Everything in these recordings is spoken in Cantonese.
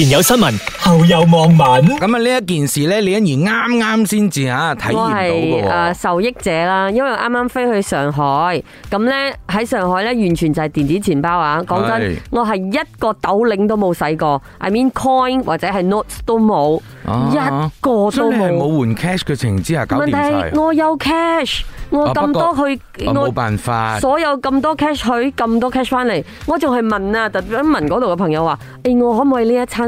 前有新聞，後有網民。咁啊，呢一件事咧，李欣怡啱啱先至吓體驗到嘅喎。我係誒受益者啦，因為啱啱飛去上海，咁咧喺上海咧完全就係電子錢包啊！講真，我係一個斗零都冇使過，I mean coin 或者係 notes 都冇，一個都冇。所以係冇換 cash 嘅情之下搞掂晒。問題我有 cash，我咁多去，我冇辦法。所有咁多 cash 去，咁多 cash 翻嚟，我仲係問啊，特別問嗰度嘅朋友話：誒，我可唔可以呢一餐？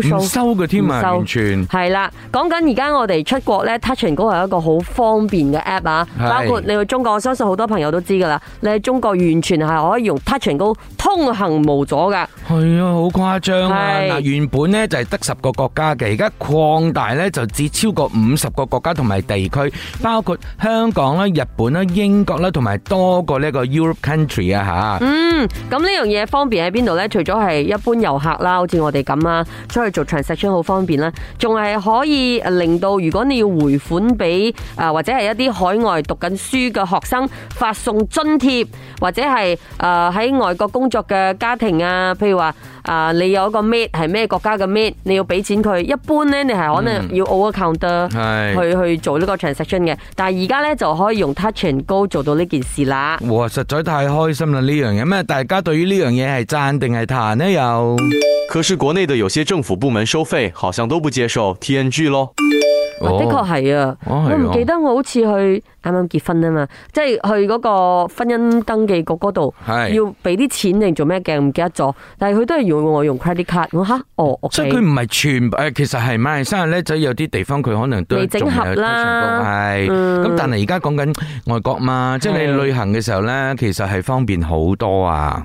唔收嘅添啊，完全係啦。講緊而家我哋出國咧，Touch 'n Go 係一個好方便嘅 app 啊。包括你去中國，我相信好多朋友都知㗎啦。你喺中國完全係可以用 Touch 'n Go 通行無阻㗎。係啊，好誇張啊！嗱，原本咧就係得十個國家嘅，而家擴大咧就至超過五十個國家同埋地區，包括香港啦、日本啦、英國啦同埋多個呢個 Europe country 啊嚇。嗯，咁呢樣嘢方便喺邊度咧？除咗係一般遊客啦，好似我哋咁啊。去做 transaction 好方便啦，仲係可以令到如果你要回款俾啊、呃、或者係一啲海外讀緊書嘅學生發送津貼，或者係誒喺外國工作嘅家庭啊，譬如話啊、呃、你有一個 Meet 係咩國家嘅 Meet，你要俾錢佢，一般呢，你係可能要 over counter 去去做呢個 transaction 嘅，但係而家呢，就可以用 Touch 'n Go 做到呢件事啦。哇，實在太開心啦！呢樣嘢咩？大家對於呢樣嘢係讚定係彈呢？又？可是國內的有些政府部門收費，好像都不接受 TNG 咯。的確係啊，我唔記得我好似去啱啱結婚啊嘛，即、就、係、是、去嗰個婚姻登記局嗰度，是要俾啲錢定做咩嘅，唔記得咗。但係佢都係要我用 credit card。我吓，哦，okay、所以佢唔係全部誒，其實係馬來西亞咧，就有啲地方佢可能都未整合啦，係是。咁、嗯、但係而家講緊外國嘛，嗯、即係你旅行嘅時候咧，其實係方便好多啊。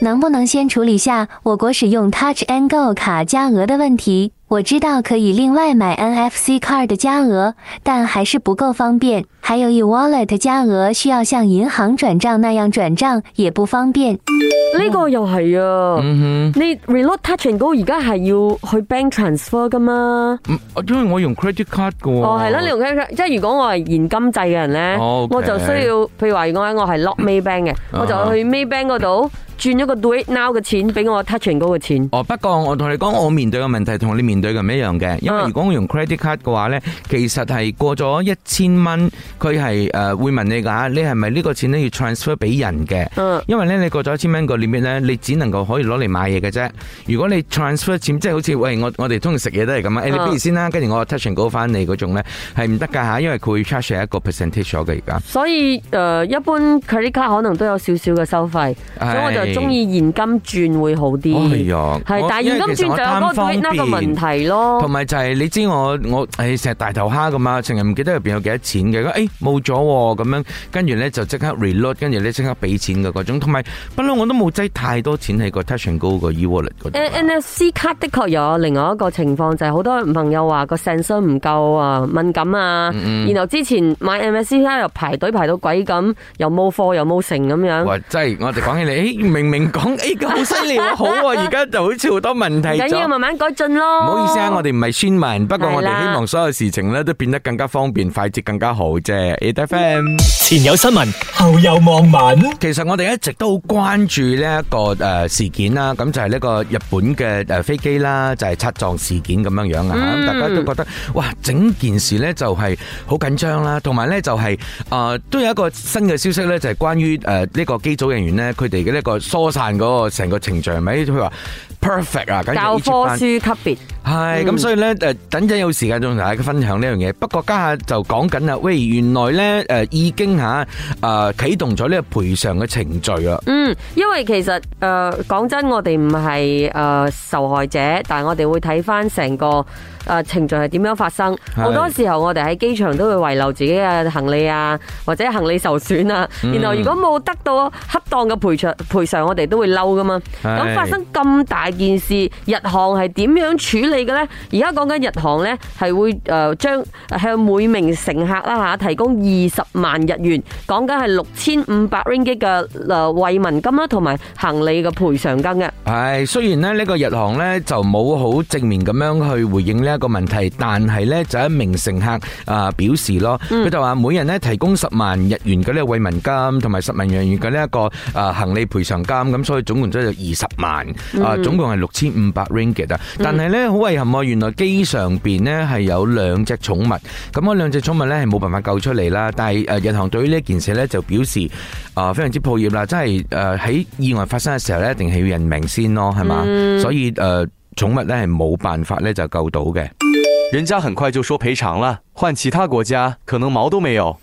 能不能先處理下我國使用 Touch and Go 卡加額的問題？我知道可以另外買 NFC card 的加額，但還是不夠方便。還有 eWallet 加額需要像銀行轉賬那樣轉賬，也不方便。呢個又係啊，嗯、哼你 reload Touch and Go 而家係要去 bank transfer 噶嘛？嗯，因為我用 credit card 噶。哦係啦，你用 credit card，即係如果我係現金制嘅人咧，哦 okay、我就需要，譬如話如果我係 lock Maybank 嘅，嗯、我就去 Maybank 嗰度。嗯轉咗個 DuitNow 嘅錢俾我 Touch 'n Go 嗰個錢。錢哦，不過我同你講，我面對嘅問題同你面對嘅唔一樣嘅，因為如果我用 credit card 嘅話咧，其實係過咗一千蚊，佢係誒會問你㗎嚇，你係咪呢個錢都要 transfer 俾人嘅？嗯、因為咧，你過咗一千蚊個 limit 咧，你只能夠可以攞嚟買嘢嘅啫。如果你 transfer 錢，即係好似喂我我哋通常食嘢都係咁啊，嗯、你不如先啦，跟住我 Touch 'n Go 高翻你嗰種咧係唔得㗎嚇，因為佢 charge 係一個 percentage 咗嘅而家。所以誒、呃，一般 credit card 可能都有少少嘅收費，是所以我就。中意現金轉會好啲，係，但係現金轉就嗰個嗱問題咯。同埋就係你知我我係成日大頭蝦㗎嘛？成日唔記得入邊有幾多錢嘅，佢誒冇咗咁樣，跟住咧就即刻 reload，跟住咧即刻俾錢嘅嗰種。同埋不嬲我都冇擠太多錢喺個 touch and go 個 e wallet 嗰度。NFC 卡的確有另外一個情況，就係好多朋友話個信號唔夠啊，敏感啊。然後之前買 NFC 卡又排隊排到鬼咁，又冇貨又冇成咁樣。哇！真係我哋講起你。明明講誒，好犀利，好喎！而家就好似好多問題，就要慢慢改進咯。唔好意思啊，我哋唔係宣傳，不過我哋希望所有事情咧都變得更加方便、快捷、更加好啫。Eight FM 前有新聞，後有網民。其實我哋一直都好關注呢一個誒事件啦，咁就係呢個日本嘅誒飛機啦，就係七撞事件咁樣樣啊。咁大家都覺得哇，整件事咧就係好緊張啦，同埋咧就係誒，都有一個新嘅消息咧，就係關於誒呢個機組人員咧，佢哋嘅呢個。疏散個成個程序係咪，佢話 perfect 啊，教科后書級別。係咁，所以咧誒，等陣有時間仲同大家分享呢樣嘢。不過家下就講緊啦，喂，原來咧誒已經吓誒啟動咗呢個賠償嘅程序啦。嗯，因為其實誒講真，我哋唔係誒受害者，但係我哋會睇翻成個誒程序係點樣發生。好多時候我哋喺機場都會遺留自己嘅行李啊，或者行李受損啊，然後如果冇得到恰當嘅賠償賠償，我哋都會嬲噶嘛。咁發生咁大件事，日航係點樣處理？嘅咧，而家講緊日航咧係會誒將向每名乘客啦嚇提供二十萬日元，講緊係六千五百 ringgit 嘅誒慰問金啦，同埋行李嘅賠償金嘅。係雖然咧呢個日航咧就冇好正面咁樣去回應呢一個問題，但係咧就一名乘客啊表示咯，佢就話每人咧提供十萬日元嘅呢慰問金，同埋十萬日元嘅呢一個誒行李賠償金，咁所以總共即係二十萬啊，總共係六千五百 ringgit 啊，但係咧好。遺憾啊，原來機上邊呢係有兩隻寵物，咁嗰兩隻寵物呢，係冇辦法救出嚟啦。但係誒，日航對於呢件事呢，就表示誒非常之抱歉啦，真係誒喺意外發生嘅時候呢，一定係要人命先咯，係嘛。嗯、所以誒寵物呢，係冇辦法呢，就救到嘅。人家很快就說賠償啦，換其他國家可能毛，都沒有。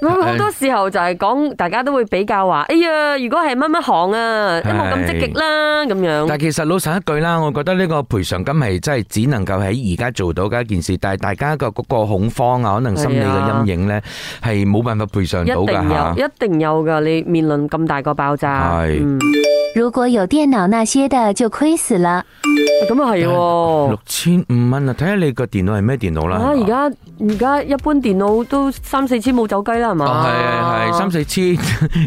好多時候就係講，大家都會比較話，哎呀，如果係乜乜行啊，都冇咁積極啦，咁樣。但係其實老實一句啦，我覺得呢個賠償金係真係只能夠喺而家做到嘅一件事，但係大家嘅嗰個恐慌啊，可能心理嘅陰影咧，係冇辦法賠償到噶，一定有噶，你面臨咁大個爆炸。的如果有電腦那些的就虧死了。咁啊係，六千五蚊啊，睇下你個電腦係咩電腦啦。而家而家一般電腦都三四千冇走雞啦係嘛？係係三四千，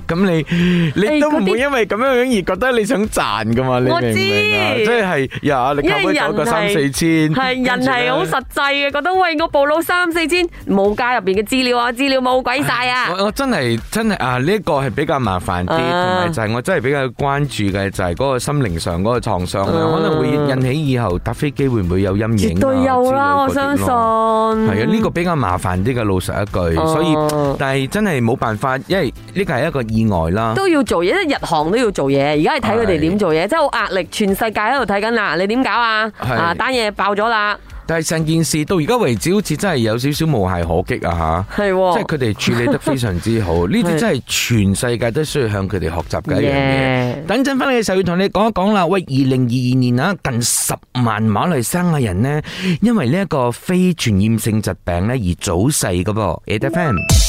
咁你你都唔會因為咁樣樣而覺得你想賺噶嘛？你我知，即係呀，你靠唔到個三四千，係人係好實際嘅，覺得喂，我暴露三四千冇加入邊嘅資料，啊，資料冇鬼晒啊！我真係真係啊，呢個係比較麻煩啲，同埋就係我真係比較關注。住嘅就係嗰個心靈上嗰、嗰個創傷，可能會引起以後搭飛機會唔會有陰影啊？絕對有啦，我相信。係啊，呢個比較麻煩啲嘅，老實一句，嗯、所以但係真係冇辦法，因為呢個係一個意外啦。都要做嘢，即係日航都要做嘢，而家係睇佢哋點做嘢，是真係好壓力，全世界喺度睇緊啊！你點搞啊？啊單嘢爆咗啦！但係成件事到而家為止，好似真係有少少無懈可擊啊吓，係 即係佢哋處理得非常之好，呢啲， 真係全世界都需要向佢哋學習嘅一樣嘢。Yeah. 等陣翻嚟嘅時候要同你講一講啦。喂，二零二二年啊，近十萬馬來西亞人呢，因為呢一個非傳染性疾病呢而早逝嘅噃。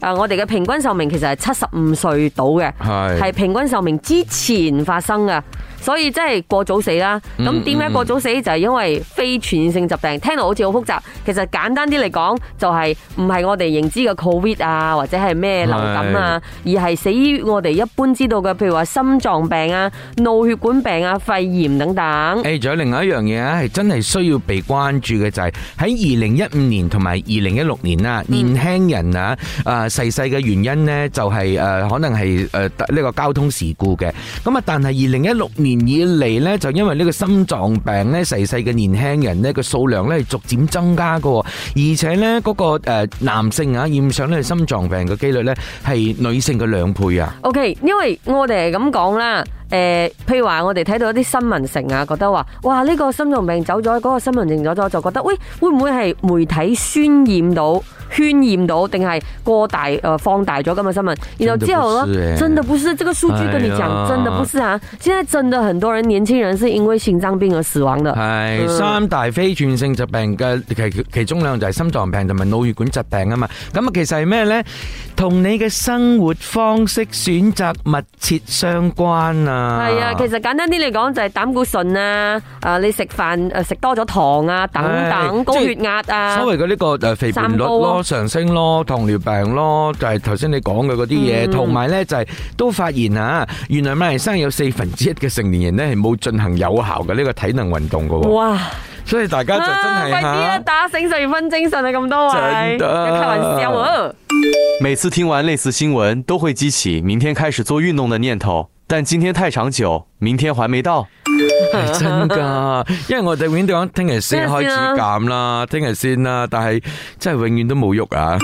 誒，我哋嘅平均壽命其實係七十五歲到嘅，係是平均壽命之前發生嘅。所以真係過早死啦，咁點解過早死就係、是、因為非傳染性疾病？聽落好似好複雜，其實簡單啲嚟講就係唔係我哋認知嘅 Covid 啊，或者係咩流感啊，是而係死於我哋一般知道嘅，譬如話心臟病啊、腦血管病啊、肺炎等等。誒，仲有另外一樣嘢啊，係真係需要被關注嘅就係喺二零一五年同埋二零一六年啊，嗯、年輕人啊，誒逝世嘅原因咧就係、是、誒、呃、可能係誒呢個交通事故嘅，咁啊但係二零一六年。年以嚟咧，就因為呢個心臟病咧，細細嘅年輕人咧個數量咧係逐漸增加嘅，而且咧嗰個誒男性啊染上咧心臟病嘅幾率咧係女性嘅兩倍啊。OK，因為我哋係咁講啦，誒，譬如話我哋睇到一啲新聞成啊，覺得話哇呢個心臟病走咗，嗰個新聞成咗咗，就覺得喂會唔會係媒體渲染到？渲染到定係過大，誒，放大咗咁嘅新聞，然後之後咧，真的不是這個數據，跟你講，真的不是啊！現在真的很多人，年輕人是因為心臟病而死亡的。係三大非傳染性疾病嘅其其中兩個就係心臟病同埋腦血管疾病啊嘛。咁啊，其實係咩呢？同你嘅生活方式選擇密切相關啊。係啊，其實簡單啲嚟講就係膽固醇啊，誒，你食飯食多咗糖啊，等等，高血壓啊，所謂嘅呢個肥胖上升咯，糖尿病咯，就係頭先你講嘅嗰啲嘢，同埋咧就係都發現啊，原來馬來西亞有四分之一嘅成年人咧係冇進行有效嘅呢、這個體能運動㗎。哇！所以大家就真係快啲、啊啊、打醒十二分精神啊！咁多位，你開玩笑喎。每次聽完類似新聞，都會激起明天開始做運動嘅念頭，但今天太長久，明天還沒到。係真噶， 因為我哋永遠都講聽日先開始減啦，聽日先啦，但係真係永遠都冇喐啊！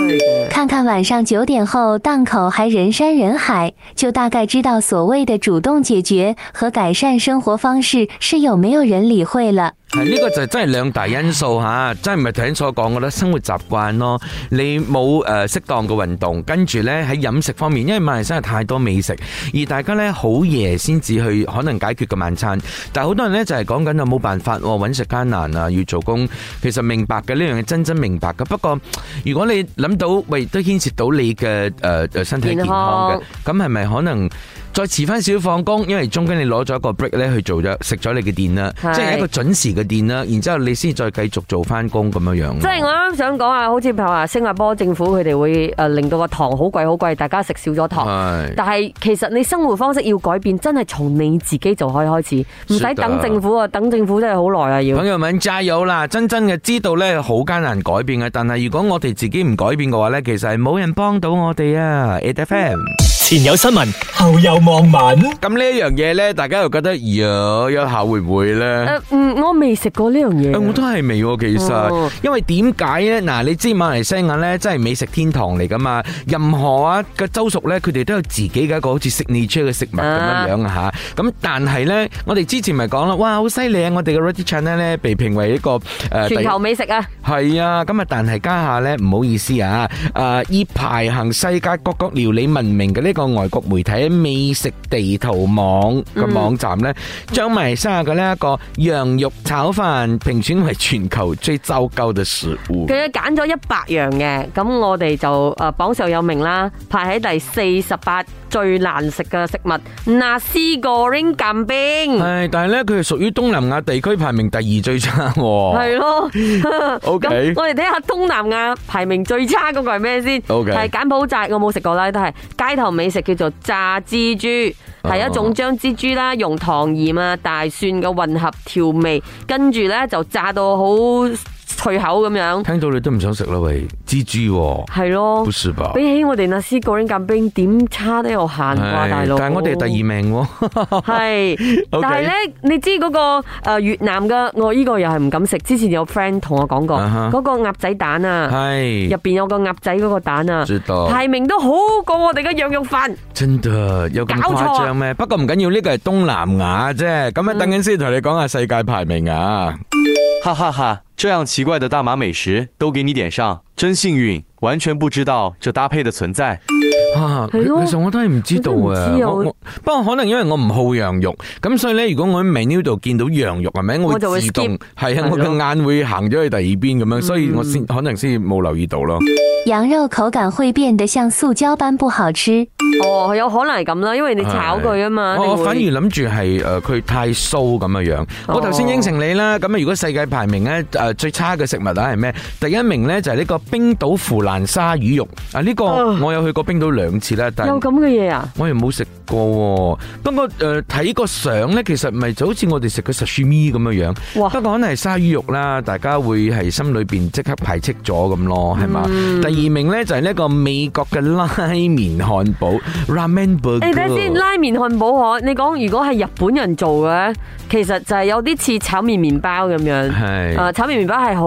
看看晚上九點後檔口還人山人海，就大概知道所謂嘅主動解決和改善生活方式是有沒有人理會了。呢、嗯這個就真係兩大因素吓，真係唔係頭先所講嘅咧，生活習慣咯，你冇誒適當嘅運動，跟住咧喺飲食方面，因為馬來西亞太多美食，而大家咧好夜先至去可能解決個晚餐，好多人咧就係講緊有冇辦法揾食艱難啊，要做工。其實明白嘅，呢樣嘢真真明白嘅。不過如果你諗到，喂都牽涉到你嘅誒誒身體健康嘅，咁係咪可能？再遲翻少放工，因為中間你攞咗一個 break 咧去做咗食咗你嘅電啦，是即係一個準時嘅電啦。然之後你先再繼續做翻工咁樣樣。即係我啱啱想講啊，好似譬如話新加坡政府佢哋會誒令到個糖好貴好貴，大家食少咗糖。是但係其實你生活方式要改變，真係從你自己就可以開始，唔使等政府啊，的等政府真係好耐啊。要。朋友們加油啦！真真嘅知道咧，好艱難改變嘅，但係如果我哋自己唔改變嘅話咧，其實係冇人幫到我哋啊 Eight FM。前有新聞，後有網民。咁呢一樣嘢咧，大家又覺得呀，一下會唔會咧？誒，嗯，我未食過呢樣嘢，我都係未其實，嗯、因為點解咧？嗱、啊，你知馬來西亞咧，真係美食天堂嚟噶嘛？任何啊嘅州屬咧，佢哋都有自己嘅一個好似 signature 嘅食物咁樣樣啊吓。咁、啊、但係咧，我哋之前咪講啦，哇，好犀利啊！我哋嘅 Rudy Channel 咧，被評為一、這個誒、呃、全球美食啊，係啊。咁啊，但係家下咧，唔好意思啊，啊以排行世界各國料理聞名嘅呢？一個外國媒體美食地圖網嘅網站咧，將埋生日嘅呢一個羊肉炒飯評選為全球最糟糕嘅食物。佢一揀咗一百樣嘅，咁我哋就誒榜上有名啦，排喺第四十八。最難食嘅食物，Nasi Goreng Kemping。係，但係咧，佢係屬於東南亞地區排名第二最差。係 咯。O K。我哋睇下東南亞排名最差個係咩先。O Okay .係柬埔寨，我冇食過啦，都係街頭美食叫做炸蜘蛛，係 一種將蜘蛛啦用糖鹽啊、大蒜嘅混合調味，跟住咧就炸到好。脆口咁樣，聽到你都唔想食啦喂，蜘蛛係咯，不是吧？比起我哋那斯僱傭兵點差都有限啩，大佬。但係我哋第二名，係，但係咧，你知嗰個誒越南嘅，我依個又係唔敢食。之前有 friend 同我講過，嗰個鴨仔蛋啊，係入邊有個鴨仔嗰個蛋啊，知道排名都好過我哋嘅羊肉飯，真嘅有咁誇張咩？不過唔緊要，呢個係東南亞啫。咁啊，等緊先同你講下世界排名啊，哈哈哈。這樣奇怪的大馬美食都給你點上，真幸運！完全不知道這搭配的存在啊！哎呀，我想我真係唔知道誒。不過可能因為我唔好羊肉，咁所以咧，如果我喺 menu 度見到羊肉係咪，我會自動係啊，我嘅眼會行咗去第二邊咁樣，所以我先可能先冇留意到咯。羊肉口感會變得像塑膠般不好吃？哦，有可能咁啦，因為你炒佢啊嘛。我反而諗住係誒，佢太酥咁嘅樣。我頭先應承你啦，咁啊，如果世界排名咧。誒，最差嘅食物係咩？第一名咧就係呢個冰島腐爛鯊魚肉啊！呢個我有去過冰島兩次啦，但有咁嘅嘢啊？我又冇食過，不過誒睇個相咧，其實咪就好似我哋食嘅壽司咪咁樣樣。不過可能係鯊魚肉啦，大家會係心裏邊即刻排斥咗咁咯，係嘛？第二名咧就係呢個美國嘅拉麵漢堡 （ramen burger）。誒，先拉麵漢堡我，你講如果係日本人做嘅，其實就係有啲似炒麵麵包咁樣，誒炒麵。麵包係好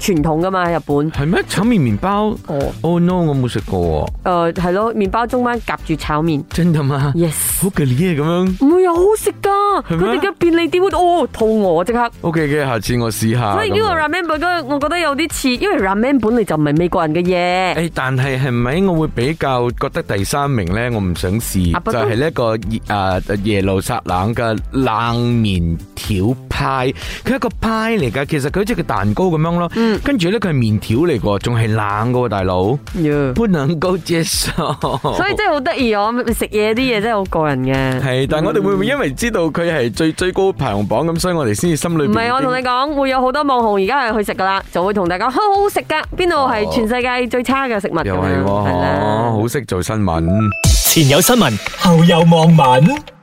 傳統噶嘛，日本係咩炒麵麵包？哦，哦 no，我冇食過。誒，係咯，麵包中間夾住炒麵，真噶嘛。Yes，好犀利啊咁樣。唔會啊，好食噶。佢哋嘅便利店哦，肚餓即刻。OK，OK 下次我試下。所以呢個 ramenburger，我覺得有啲似，因為 ramen 本嚟就唔係美國人嘅嘢。誒，但係係咪我會比較覺得第三名咧？我唔想試，就係呢個誒耶路撒冷嘅冷麵條。派佢一個派嚟噶，其實佢好似個蛋糕咁樣咯。跟住咧佢係麵條嚟噶，仲係冷噶，啊，大佬。呀 Yeah.、哦，唔能夠接受，所以真係好得意，我食嘢，啲嘢真係好過人嘅。係，嗯，但係我哋會唔會因為知道佢係最最高排行榜咁，所以我哋先至心裏唔係，嗯。我同你講，會有好多網紅而家係去食噶啦，就會同大家好好食噶。邊度係全世界最差嘅食物？哦，又係係啦、啊，好識做新聞，前有新聞，後有網民。